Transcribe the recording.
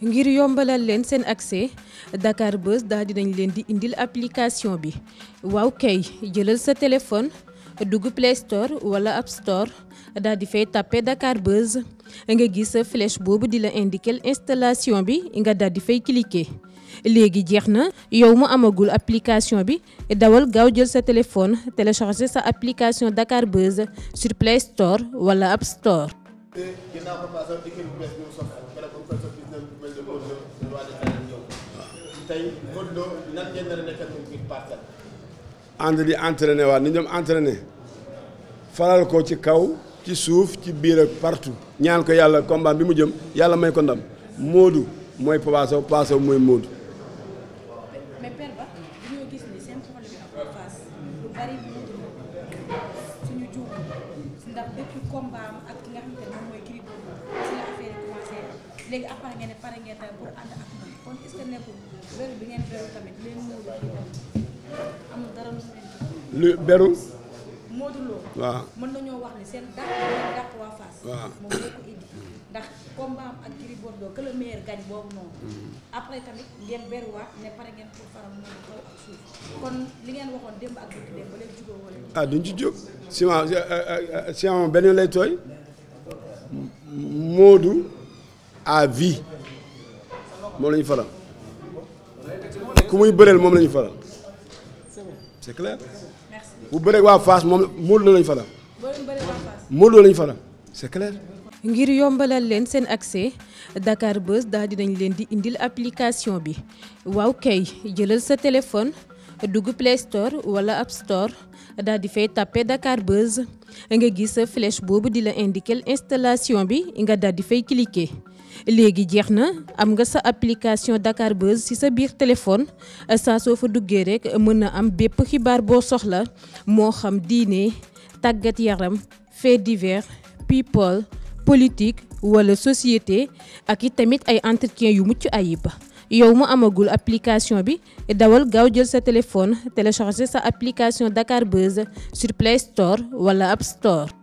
ngir yombalal leen seen accès Dakar Buzz daal dinañ leen di indil application bi waaw kay jëlal sa téléphone dugg Play Store wala App Store daal di fay tàppe Dakar Buzz nga gis sa flèche boobu di la indiquer installation bi nga daal di fay cliquer léegi jeex na yow mu amagul application bi dawal gaaw jël sa téléphone télécharger sa application Dakar Buzz sur Play Store wala App Store. te ginnaaw bi mu soxla keroog ba mu di entraîné waat ni ñoom entraîné faral ko ci kaw ci suuf ci biir ak partout ñaan ko yàlla combat bi mu jëm yàlla may ko ndam Modou mooy Papa Sow mooy Modou. ndax depuis combat ak ki nga xamante ne moom mooy Gris Bordeaux ci la affaire yi commencé léegi après ngeen ne pare ngeen tamit pour ànd ak moom bi ngeen beru tamit leen muur am lu lu beru Modou Lo waaw mën nañoo wax ni seen dàq ngeen dàq waa Fass moom moo ko indi ndax combat ak Gris boobu noonu mm-hmm. après tamit ngeen beruwaat ne pare ngeen pour faram moom kaw ak suuf kon li ngeen waxoon démb ak bëgg démb ba leen jugoo wala ah duñ ci jóg ciment euh, ciment euh, euh, benn lay tooy Moodu à moom la ñu faral ku muy bëreel moom la ñu faral c'est clair bu la ñu faral Moodu la faral c'est clair. ngir yombalal leen seen accès Dakar Buzz daal dinañ leen di indil application bi waaw kay jëlal sa téléphone. dugg Play Store wala App Store daal di fay tàppe Dakar Buzz nga gis flèche boobu di la indiquer installation bi nga dal di fay cliquer léegi jeex na am nga sa application Dakar Buzz ci sa biir téléphone saa soo fa duggee rekk mën a am bépp xibaar boo soxla moo xam diine tàggat yaram fait divers people politique wala société ak it tamit ay entretien yu mucc ayib. yow mu amagul application bi dawal gaaw jël sa téléphone télécharger sa application Dakar Buzz sur Play wala App Store.